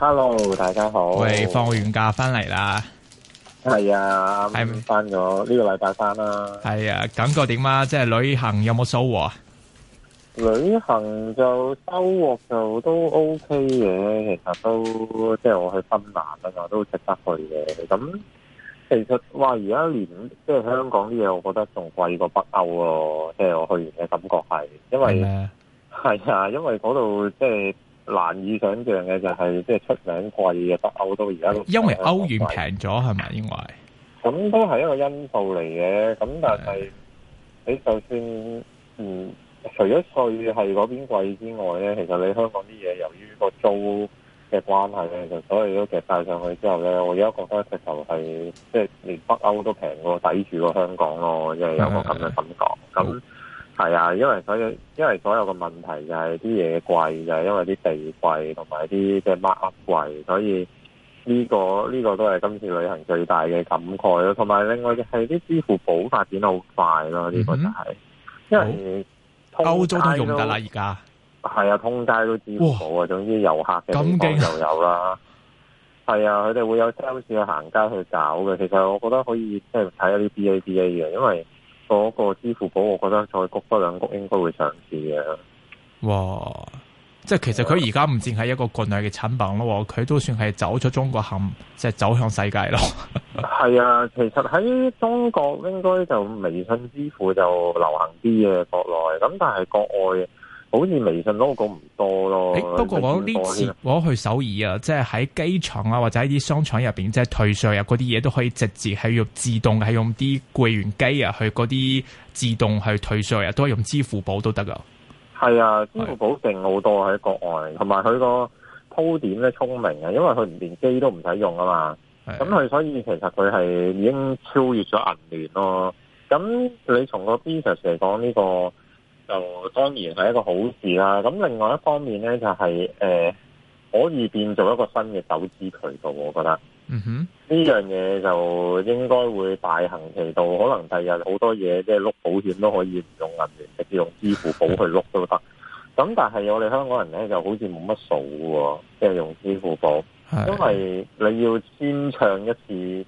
Hello，大家好。喂，放完假翻嚟啦？係啊，係翻咗呢個禮拜翻啦。係啊，感覺點啊？即係旅行有冇收穫啊？旅行就收穫就都 OK 嘅，其實都即係我去芬蘭啊嘛，都值得去嘅。咁其實話而家連即係香港啲嘢，我覺得仲貴過北歐咯。即係我去完嘅感覺係因為係咩啊，因為嗰度即係。難以想象嘅就係、是、即係出名貴嘅北歐都而家，因為歐元平咗係咪？因為咁都係一個因素嚟嘅。咁但係你就算嗯，除咗稅係嗰邊貴之外咧，其實你香港啲嘢由於個租嘅關係咧，就所以都其實夾晒上去之後咧，我而家覺得其實係即係連北歐都平過抵住過香港咯，即、就、係、是、有冇咁嘅感覺？咁那係啊，因為所有因為所有嘅問題就係啲嘢貴，就係因為啲地貴同埋啲即係 mark up 貴，所以呢個呢個都係今次旅行最大嘅感慨咯。同埋另外嘅係啲支付寶發展得好快咯，呢個就係因為歐洲都用噶啦，而家係啊，通街都支付寶啊，哦、總之遊客嘅地方又有啦。係啊，佢哋會有 sales 去行街去搞嘅。其實我覺得可以即係睇下啲 B A B A 嘅，因為。嗰個支付寶，我覺得再谷多兩谷應該會上市嘅。哇！即係其實佢而家唔淨係一個國內嘅產品咯，佢都算係走出中國行，即係走向世界咯。係 啊，其實喺中國應該就微信支付就流行啲嘅國內，咁但係國外。好似微信攞過唔多咯，不過我呢次我去首爾啊，即係喺機場啊或者喺啲商場入邊，即係退稅啊嗰啲嘢都可以直接係用自動係用啲櫃員機啊，去嗰啲自動去退稅啊，都係用支付寶都得噶。係啊，支付寶勁好是多喺國外，同埋佢個鋪點咧聰明啊，因為佢唔連機都唔使用啊嘛，咁佢的所以其實佢係已經超越咗銀聯咯。咁你從個 business 嚟講呢、這個？就、哦、當然係一個好事啦、啊。咁另外一方面呢，就係、是、誒、呃、可以變做一個新嘅投資渠道，我覺得。嗯哼，呢樣嘢就應該會大行其道。可能第日好多嘢即係碌保險都可以唔用銀聯，直接用支付寶去碌都得。咁 但係我哋香港人呢，就好似冇乜數喎、啊，即係用支付寶， 因為你要先唱一次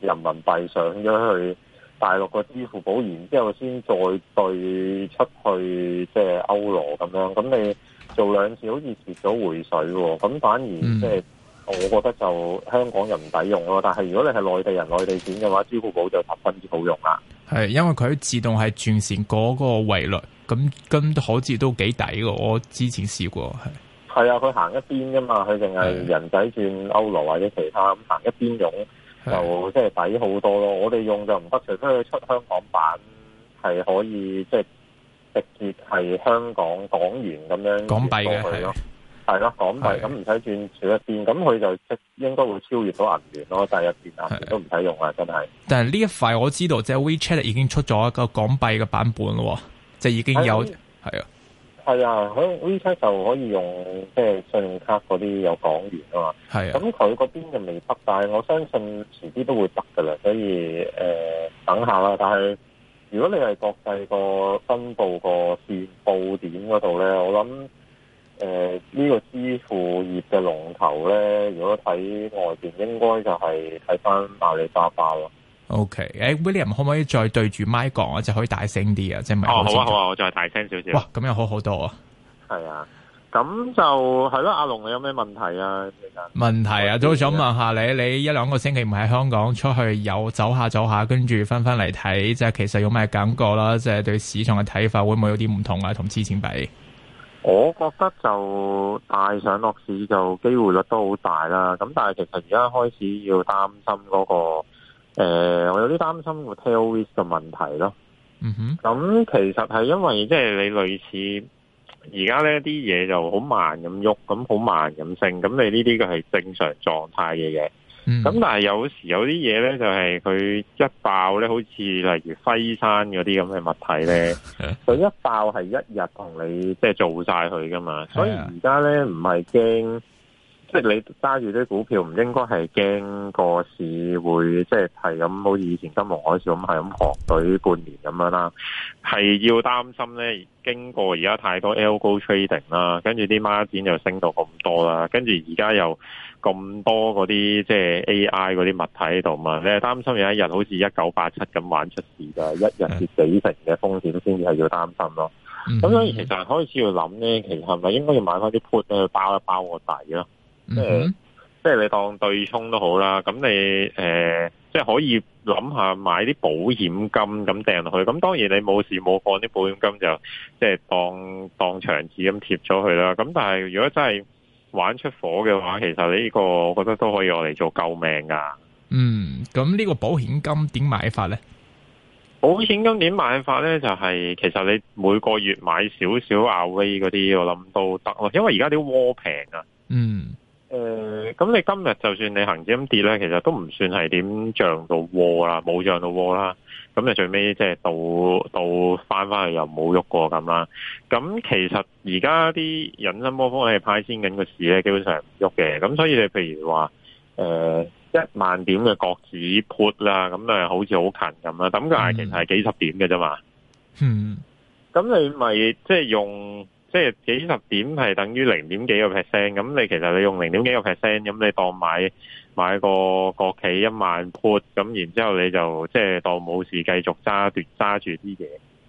人民幣上咗去。大陸個支付寶，然之後先再對出去即係歐羅咁樣，咁你做兩次好似跌咗回水喎，咁反而即係、嗯、我覺得就香港人唔抵用咯。但係如果你係內地人、內地錢嘅話，支付寶就十分之好用啦。係因為佢自動係轉成嗰個匯率，咁跟好似都幾抵嘅。我之前試過係係啊，佢行一邊嘅嘛，佢淨係人仔轉歐羅或者其他咁行的一邊用。就即係抵好多咯！我哋用就唔得，除非佢出香港版，係可以即係直接係香港港元咁樣港幣嘅咯，係咯港幣咁唔使轉除他店，咁佢就即應該會超越到銀聯咯，第一店啊都唔使用啊，真係。但係呢一塊我知道，即係 WeChat 已經出咗一個港幣嘅版本咯，即係已經有係啊。的的係啊，WeChat 就可以用即係信用卡嗰啲有港元啊嘛。係啊，咁佢嗰邊就未得，但係我相信遲啲都會得噶啦。所以誒、呃，等下啦。但係如果你係國際個分佈個線報點嗰度咧，我諗誒呢個支付業嘅龍頭咧，如果睇外邊應該就係睇翻阿里巴巴咯。O K，誒 William 可唔可以再對住 m 麥講啊？就可以大聲啲啊！即係唔係好清楚？哦，好啊，好啊，我再大聲少少。哇，咁又好好多啊！係啊，咁就係咯、啊。阿龍，你有咩問題啊？其實問題啊，都想問下你。你一兩個星期唔喺香港，出去有走下走下，跟住翻翻嚟睇，即係其實有咩感覺啦？即係對市場嘅睇法會唔會有啲唔同啊？同之前比，我覺得就大上落市就機會率都好大啦。咁但係其實而家開始要擔心嗰個。誒、呃，我有啲擔心個 tail risk 嘅問題咯。嗯哼，咁、嗯、其實係因為即係你類似而家咧啲嘢就好慢咁喐，咁好慢咁升，咁、嗯、你呢啲嘅係正常狀態嘅嘢。咁、嗯、哼但係有時有啲嘢咧就係、是、佢一爆咧，好似例如輝山嗰啲咁嘅物體咧，佢 一爆係一日同你即係做晒佢噶嘛。所以而家咧唔係驚。即係你揸住啲股票，唔應該係驚個市會即係係咁，好似以前金融海嘯咁，係咁狂對半年咁樣啦。係要擔心咧，經過而家太多 algo trading 啦，跟住啲孖展 r 又升到咁多啦，跟住而家又咁多嗰啲即係 AI 嗰啲物體喺度嘛。你係擔心有一日好似一九八七咁玩出事㗎，一日跌死成嘅風險先至係要擔心咯。咁所以其實開始要去諗咧，其實係咪應該要買翻啲 Put 去包一包個底咯？嗯、即係即係你當對沖都好啦，咁你誒、呃，即係可以諗下買啲保險金咁掟落去，咁當然你冇事冇放啲保險金就即係當當場紙咁貼咗佢啦。咁但係如果真係玩出火嘅話，其實呢個我覺得都可以用嚟做救命噶。嗯，咁呢個保險金點買法咧？保險金點買法咧？就係、是、其實你每個月買少少 R V 嗰啲，我諗都得咯，因為而家啲窩平啊。嗯。誒，咁、呃、你今日就算你恒指跌咧，其實都唔算係點漲到窩啦，冇漲到窩啦。咁你最尾即係到到返返去又冇喐過咁啦。咁其實而家啲引伸波幅係派先緊個市咧，基本上唔喐嘅。咁所以你譬如話誒一萬點嘅國指 put 啦，咁啊好似好近咁啦。咁個 I 其實係幾十點嘅啫嘛。嗯。咁、嗯、你咪即係用？即係幾十點係等於零點幾個 percent，咁你其實你用零點幾個 percent，咁你當買買個國企一萬 put，咁然之後你就即係當冇事繼續揸住揸住啲嘢。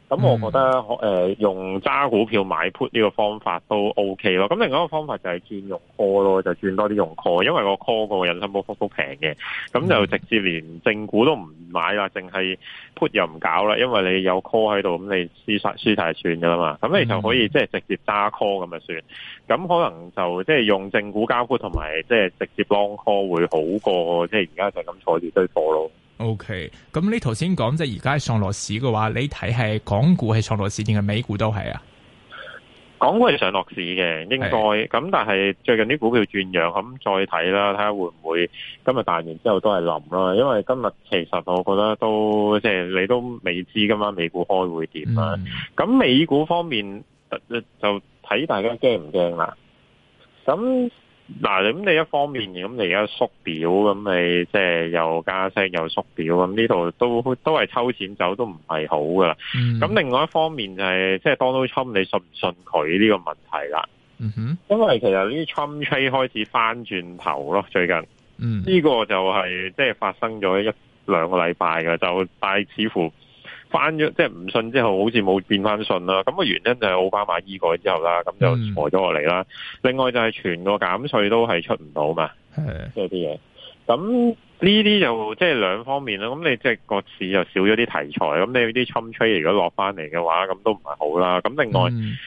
咁、嗯、我覺得誒、呃、用揸股票買 put 呢個方法都 OK 咯。咁另外一個方法就係轉用 call 咯，就轉多啲用 call，因為個 call 個引伸波幅幅平嘅。咁、嗯、就直接連正股都唔買啦，淨係 put 又唔搞啦，因為你有 call 喺度，咁你輸晒輸晒算噶啦嘛。咁你就可以即係直接揸 call 咁就算。咁、嗯、可能就即係用正股交 put 同埋即係直接 long call 會好過即係而家就咁坐住堆貨咯、咯。O K，咁你頭先講即係而家上落市嘅話，你睇係港股係上落市定係美股都係啊？港股係上落市嘅，應該咁，是但係最近啲股票轉揚，咁再睇啦，睇下會唔會今日彈完之後都係冧啦。因為今日其實我覺得都即係你都未知今晚美股開會點啊？咁、嗯、美股方面就睇大家驚唔驚啦。咁。嗱，咁你一方面，咁你而家縮表，咁你即係又加息又縮表，咁呢度都都係抽錢走都，都唔係好嘅。咁、hmm. 另外一方面就係即係 Donald Trump，你信唔信佢呢個問題啦？嗯哼、mm，hmm. 因為其實呢啲 Trump trade 開始翻轉頭咯，最近。嗯、mm，呢、hmm. 個就係即係發生咗一兩個禮拜嘅，就但似乎。翻咗即係唔信之後，好似冇變翻信啦。咁個原因就係奧巴馬醫改之後啦，咁就坐咗落嚟啦。嗯、另外就係全個減稅都係出唔到嘛，即係啲嘢。咁呢啲就即係兩方面啦。咁你即係個市又少咗啲題材，咁你啲侵吹如果落翻嚟嘅話，咁都唔係好啦。咁另外。嗯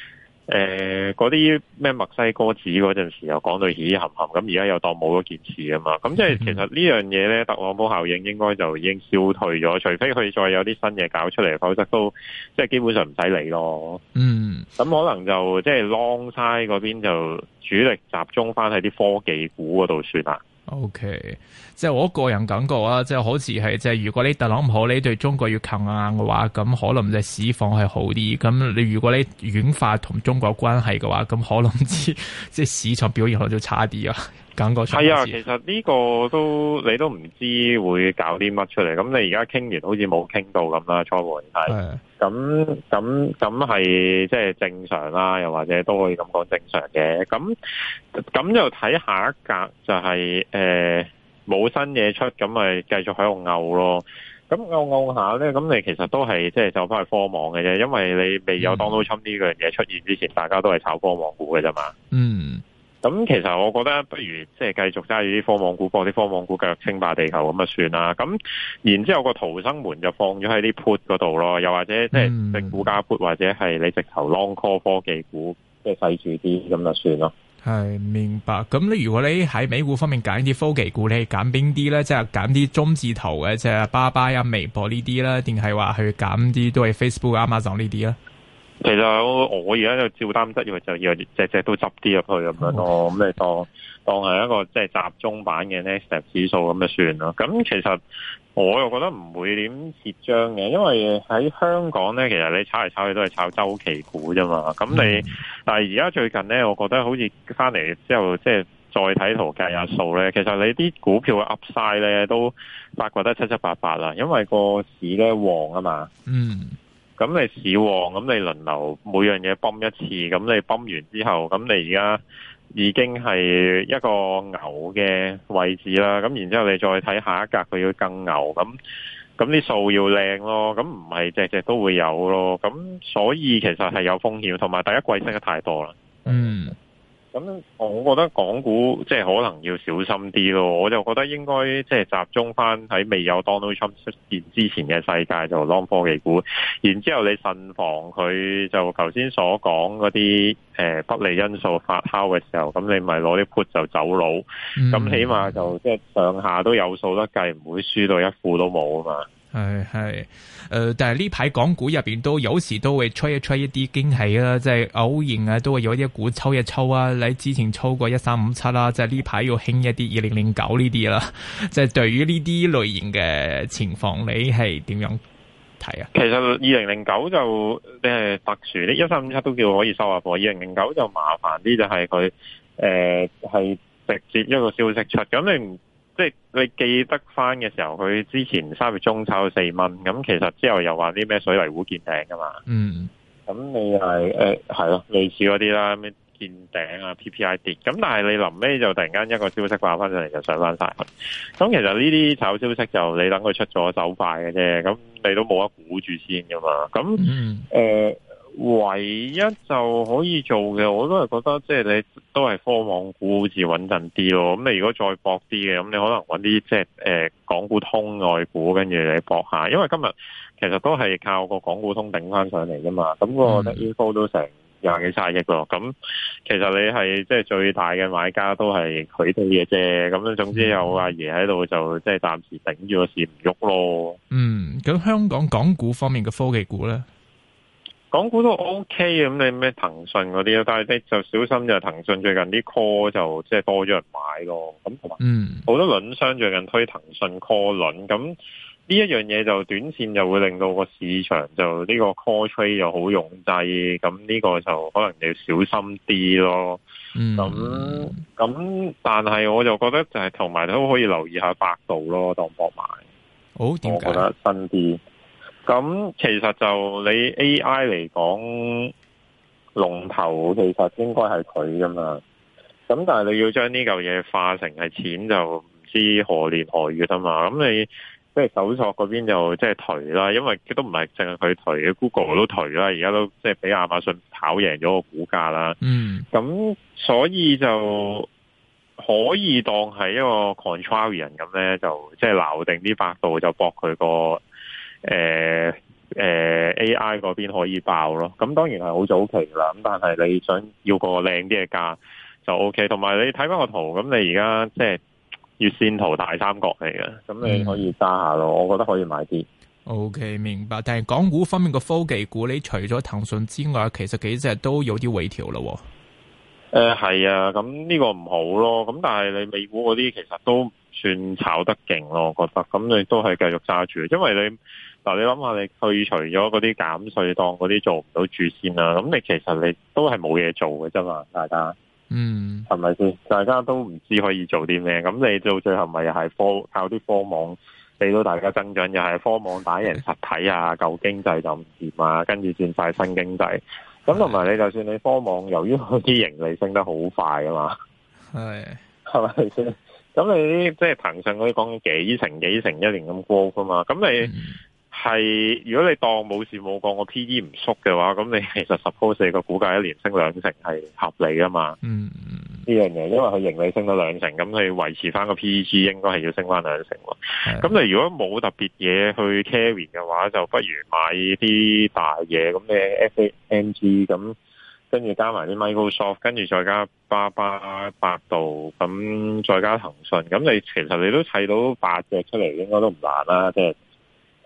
誒，嗰啲咩墨西哥仔嗰陣時又講到起冚冚，咁而家又當冇嗰件事啊嘛，咁即係其實呢樣嘢咧，特朗普效應應該就已經消退咗，除非佢再有啲新嘢搞出嚟，否則都即係基本上唔使理咯。嗯，咁可能就即係 long side 嗰邊就主力集中翻喺啲科技股嗰度算啦。Okay，即係我個人感覺啊，即係好似係即係如果你特朗普你對中國要強硬嘅話，咁可能就市況係好啲。咁你如果你軟化同中國關係嘅話，咁可能之即係市場表現好似就差啲啊。 係啊，其實呢個都你都唔知會搞啲乜出嚟。咁你而家傾完好似冇傾到咁啦，初盤係。咁咁咁係即係正常啦，又或者都可以咁講正常嘅。咁咁就睇下一格就係誒冇新嘢出，咁咪繼續喺度拗咯。咁拗拗下咧，咁你其實都係即係走翻去科網嘅啫，因為你未有 Donald Trump 呢樣嘢出現之前，嗯、大家都係炒科網股嘅啫嘛。嗯。嗯咁其實我覺得不如即係繼續揸住啲科網股，放啲科網股繼續稱霸地球咁啊算啦。咁然之後個逃生門就放咗喺啲 put 嗰度咯，又或者即係美股加 put，或者係你直頭 long call 科技股，即係細住啲咁就算咯。係明白。咁如果你喺美股方面揀啲科技股，你揀邊啲咧？即係揀啲中字頭嘅，即係巴巴啊、微博呢啲啦，定係話去揀啲都係 Facebook 啊、Amazon 呢啲啊？其實我而家就照擔責，要就要隻隻都執啲入去咁樣咯。咁你當當係一個即係集中版嘅 Next 指數咁就算啦。咁、嗯嗯、其實我又覺得唔會點蝕張嘅，因為喺香港咧，其實你炒嚟炒去都係炒周期股啫嘛。咁你但係而家最近咧，我覺得好似翻嚟之後，即係再睇圖計下數咧，其實你啲股票嘅 Upside 咧都發掘得七七八八啦，因為個市咧旺啊嘛。嗯。咁你市旺，咁你輪流每樣嘢泵一次，咁你泵完之後，咁你而家已經係一個牛嘅位置啦。咁然之後你再睇下一格，佢要更牛，咁咁啲數要靚咯。咁唔係隻隻都會有咯。咁所以其實係有風險，同埋第一季升得太多啦。嗯。咁我我覺得港股即係可能要小心啲咯，我就覺得應該即係集中翻喺未有 Donald Trump 出現之前嘅世界就 long 科技股，然之後你慎防佢就頭先所講嗰啲誒不利因素發酵嘅時候，咁你咪攞啲 put 就走佬，咁、嗯、起碼就即係上下都有數得計，唔會輸到一副都冇啊嘛。係係，誒、呃，但係呢排港股入邊都有時都會吹一吹一啲驚喜啦，即、就、係、是、偶然啊，都會有一股抽一抽啊。你之前抽過、啊就是、一三五七啦，即係呢排要興一啲二零零九呢啲啦。即係對於呢啲類型嘅情況，你係點樣睇啊？其實二零零九就你係特殊，啲一三五七都叫可以收下貨，二零零九就麻煩啲，就係佢誒係直接一個消息出，咁你唔？即係你記得翻嘅時候，佢之前三月中炒四蚊，咁其實之後又話啲咩水泥股見頂噶嘛？嗯，咁、嗯、你係誒係咯，類似嗰啲啦咩見頂啊，P P I 跌，咁但係你臨尾就突然間一個消息爆翻上嚟就上翻晒。咁、嗯嗯、其實呢啲炒消息就你等佢出咗走快嘅啫，咁、嗯、你都冇得估住先噶嘛。咁、嗯、誒。嗯呃唯一就可以做嘅，我都係覺得，即係你都係科網股好似穩陣啲咯。咁你如果再搏啲嘅，咁你可能揾啲即係誒、呃、港股通外股，跟住你搏下。因為今日其實都係靠個港股通頂翻上嚟噶嘛。咁、那個 info 都成廿幾卅億咯。咁、嗯、其實你係即係最大嘅買家都係佢哋嘅啫。咁總之有阿爺喺度就即係暫時頂住個市唔喐咯。嗯，咁香港港股方面嘅科技股咧？港股都 O K 嘅，咁你咩騰訊嗰啲咯？但係你就小心就騰訊最近啲 call 就即係多咗人買咯，咁同埋好多輪商最近推騰訊 call 輪，咁呢一樣嘢就短線又會令到個市場就呢個 call trade 又好擁擠，咁呢個就可能你要小心啲咯。咁咁、mm，hmm. 嗯、但係我就覺得就係同埋都可以留意下百度咯，當博買。好、oh，點解覺得新啲？咁其實就你 A I 嚟講龍頭，其實應該係佢噶嘛。咁但係你要將呢嚿嘢化成係錢就唔知何年何月啊嘛。咁你即係搜索嗰邊就即係頹啦，因為佢都唔係淨係佢頹，Google 都頹啦。而家都即係畀亞馬遜跑贏咗個股價啦。嗯。咁所以就可以當係一個 contrarian 咁咧，就即係鬧定啲百度就搏佢個。誒誒，A I 嗰邊可以爆咯，咁當然係好早期啦，咁但係你想要個靚啲嘅價就 OK，同埋你睇翻個圖，咁你而家即係月線圖大三角嚟嘅，咁你可以揸下咯，我覺得可以買啲、嗯。OK，明白。但係港股方面嘅科技股，你除咗騰訊之外，其實幾隻都有啲微調啦。誒，係、呃、啊，咁呢個唔好咯，咁但係你美股嗰啲其實都算炒得勁咯，我覺得，咁你都係繼續揸住，因為你嗱，你諗下你去除咗嗰啲減稅，檔嗰啲做唔到住先啦，咁你其實你都係冇嘢做嘅啫嘛，大家，嗯，係咪先？大家都唔知可以做啲咩，咁你到最後咪又係科靠啲科網俾到大家增長，又係科網打贏實體啊，舊經濟就唔掂啊，跟住轉晒新經濟。咁同埋你就算你科網，由於嗰啲盈利升得好快啊嘛，係， 係咪先？咁你即係騰訊嗰啲講幾成幾成一年咁 grow 噶嘛？咁你係，如果你當冇事冇講，個 P E 唔縮嘅話，咁你其實十棵四個股價一年升兩成係合理啊嘛？嗯。 呢樣嘢，因為佢盈利升到兩成，咁你維持翻個 PEG 應該係要升翻兩成喎。咁的你如果冇特別嘢去 carry 嘅話，就不如買啲大嘢，咁嘅 FAMG，咁跟住加埋啲 Microsoft，跟住再加巴巴、百度，咁再加騰訊，咁你其實你都砌到八隻出嚟，應該都唔難啦，即係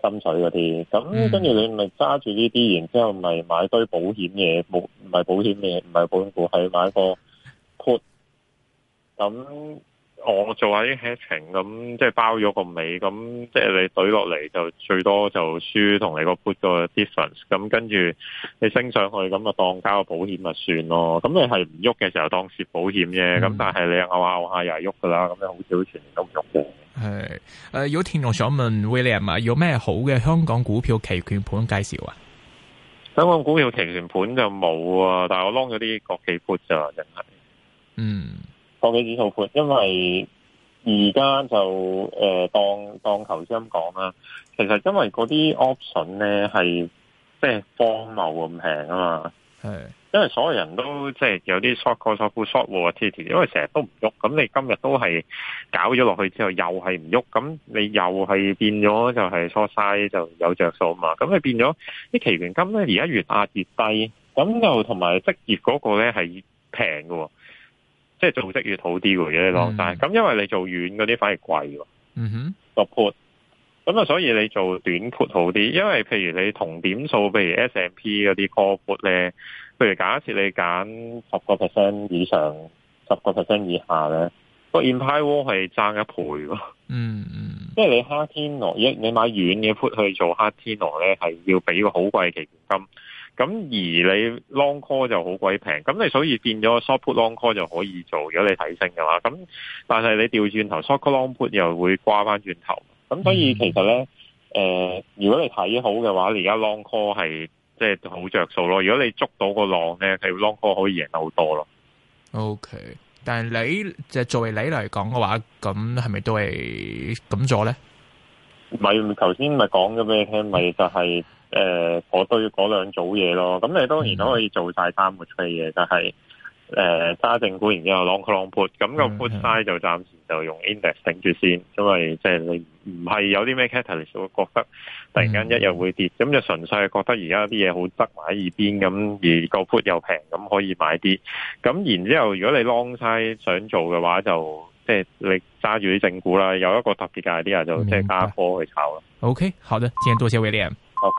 金彩嗰啲。咁跟住你咪揸住呢啲，然之後咪買一堆保險嘢，冇唔係保險嘅，唔係保險股，係買一個 put。咁、嗯、我做下啲 hedging，咁即係包咗個尾，咁即係你懟落嚟就最多就輸同你個 put 個 difference，咁跟住你升上去咁啊當交個保險咪算咯。咁你係唔喐嘅時候當蝕保險啫，咁、嗯、但係你拗下拗下又係喐噶啦，咁好少全年都唔喐嘅。係誒，有、呃、聽眾想問 William 啊，有咩好嘅香港股票期權盤介紹啊？香港股票期權盤就冇啊，但係我 long 咗啲國企 put 咋，真係，嗯。放技指數盤，因為而家就誒、呃、當當頭先咁講啦。其實因為嗰啲 option 咧係即係荒謬咁平啊嘛，係的因為所有人都即係有啲 short call short put short 喎，天天因為成日都唔喐，咁你今日都係搞咗落去之後又係唔喐，咁你又係變咗就係 short side 就有着數啊嘛。咁你變咗啲期權金咧，而家越壓越低，咁又同埋職業嗰個咧係平嘅。即係組織越好啲喎，如果你講曬，咁因為你做遠嗰啲反而貴喎。嗯哼、mm，個、hmm. put，咁啊，所以你做短 put 好啲，因為譬如你同點數，譬如 S&P 嗰啲 call put 咧，譬如假設你揀十個 percent 以上、十個 percent 以下咧，個 in 派波係爭一倍喎。嗯嗯、mm，即、hmm. 係你黑天鵝，一你買遠嘅 put 去做黑天鵝咧，係要俾個好貴嘅期權金。咁而你 long call 就好鬼平，咁你所以變咗 short put long call 就可以做，如果你睇升嘅話，咁但係你調轉頭 short call long put 又會掛翻轉頭，咁所以其實咧，誒、嗯呃、如果你睇好嘅話，你而家 long call 係即係好着數咯。如果你捉到個浪咧，係 long call 可以贏得好多咯。OK. 但係你就係、作為你嚟講嘅話，咁係咪都係咁做咧？咪頭先咪講咗咩？咪就係、是、誒，我、呃、對嗰兩組嘢咯。咁你當然都可以做晒單活出嘅嘢，就係誒揸正股然之後 long 佢 long put。咁個 put size 就暫時就用 index 頂住先，因為即係你唔係有啲咩 catalyst 會覺得突然間一日會跌。咁就純粹係覺得而家啲嘢好側埋喺耳邊咁，而、那個 put 又平，咁可以買啲。咁然之後，如果你 long size 想做嘅話，就～即係你揸住啲正股啦，有一個特別嘅 idea 就即係加科去炒咯。Okay，好的，先多謝 William。好。